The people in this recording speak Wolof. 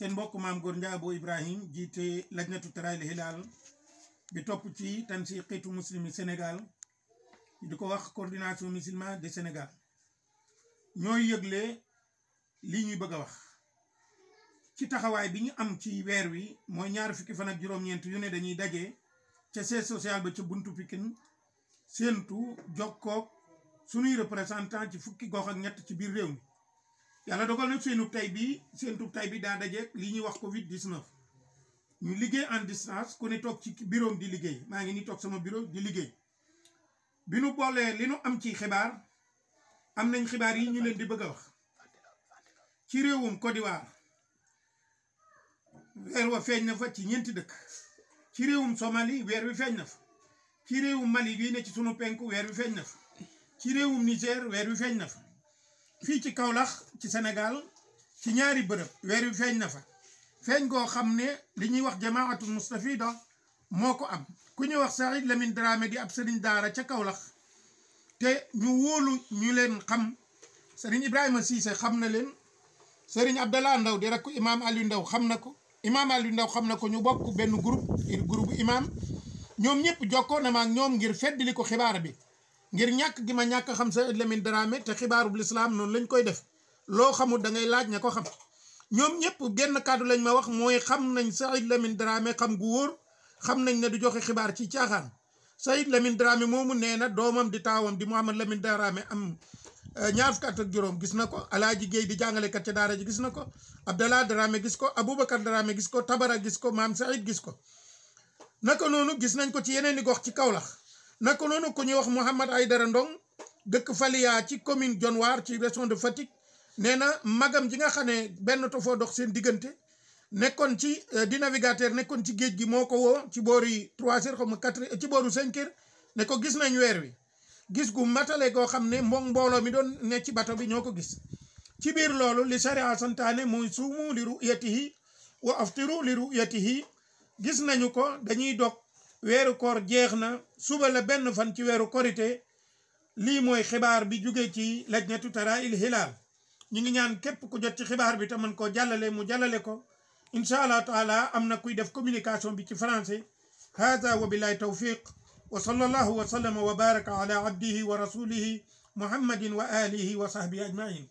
seen mbokk maam Gor Ndiaye Abou Ibrahim jiite lajnatu taraayil hilaal bi topp ci tansiqitu muslimi Sénégal di ko wax coordination musulman de Sénégal ñooy yëgle lii ñuy bëgg a wax ci taxawaay bi ñu am ci weer wi mooy ñaari fukki fan ak juróom-ñeent yu ne dañuy daje ca siège social ba ca buntu Pikine séentu jokkoog sunuy représentant ci fukki gox ak ñett ci biir réew mi yàlla dogal nag seenub tay bi seentub tay bi daa dajeeg li ñuy wax covid 19 ñu liggéey en distance ku ne toog ci bureau di liggéey maa ngi ni toog sama bureau di liggéey bi nu boolee li nu am ci xibaar am nañ xibaar yi ñu leen di bëgg a wax ci réewum Côte weer wa feeñ na fa ci ñeenti dëkk ci réewum somali weer wi feeñ na fa ci réewum Mali bii ne ci sunu penku weer wi feeñ na fa ci réewum Niger weer wi feeñ na fa fii ci Kaolack ci senegal ci ñaari bërëb weer wi feeñ na fa feeñ goo xam ne li ñuy wax jamaatul mustafida moo ko am ku ñuy wax Saïd Lamine drame gi ab sëriñ daara ca Kaolack te ñu wóolu ñu leen xam sëriñ Ibrahima Cissé xam na leen sëriñ Abdallah Ndaw di rakku imaam Aliou Ndaw xam na ko imaam Aliou Ndaw xam na ko ñu bokk benn groupe groupe imaam ñoom ñëpp jokkoo na ak ñoom ngir feddali ko xibaar bi ngir ñàkk gi ma ñàkk xam Seydi Lamine Dramé te xibaarub lislaam noonu lañ koy def loo xamul dangay laaj na ko xam ñoom ñëpp genn kàddu lañ ma wax mooy xam nañ Seydi Lamine Dramé xam gu wóor xam nañ ne du joxe xibaar ci caaxaan Seydi Lamine Dramé moomu nee na doomam di taawam di Mouhamad Lamine Dramé am euh, ñaar fukki juróom gis na ko Alaaji Géey di jàngalekat ca daara ji gis na ko Abdallah Dramé gis ko Aboubacar Dramé gis ko Tabara gis ko Maam Saïd gis ko naka noonu gis nañ ko ci yeneen i gox ci Kaolack naka noonu ku ñuy wax ay dara Ndong dëkk Falia ci commune Dionewar ci région de Fatick nee na magam ji nga xam ne benn tofoo dox seen diggante nekkoon ci euh, di navigateur nekkoon ci géej gi moo ko woo ci booru trois heures comme quatre ci booru cinq ne ko gis nañ weer wi gis gu matale goo xam ne mboŋ mbooloo mi doon ne ci bato bi ñoo ko gis ci biir loolu li sharia santaane muy suumu li ru'yatihi wa aftiru li ru'yatihi gis nañu ko dañuy dog weeru kor jeex na suba la benn fan ci weeru korite lii mooy xibaar bi jóge ci lajnatu taraa'il hilaal ñu ngi ñaan képp ku jot ci xibaar bi te mën koo jàllale mu jalale ko incha allah taala am na kuy def communication bi ci français hada wa billahi tawfiq wa sallallahu wa sallama wa baraka ala abdihi wa rasulihi muhammadin wa alihi wa sahbihi ajmain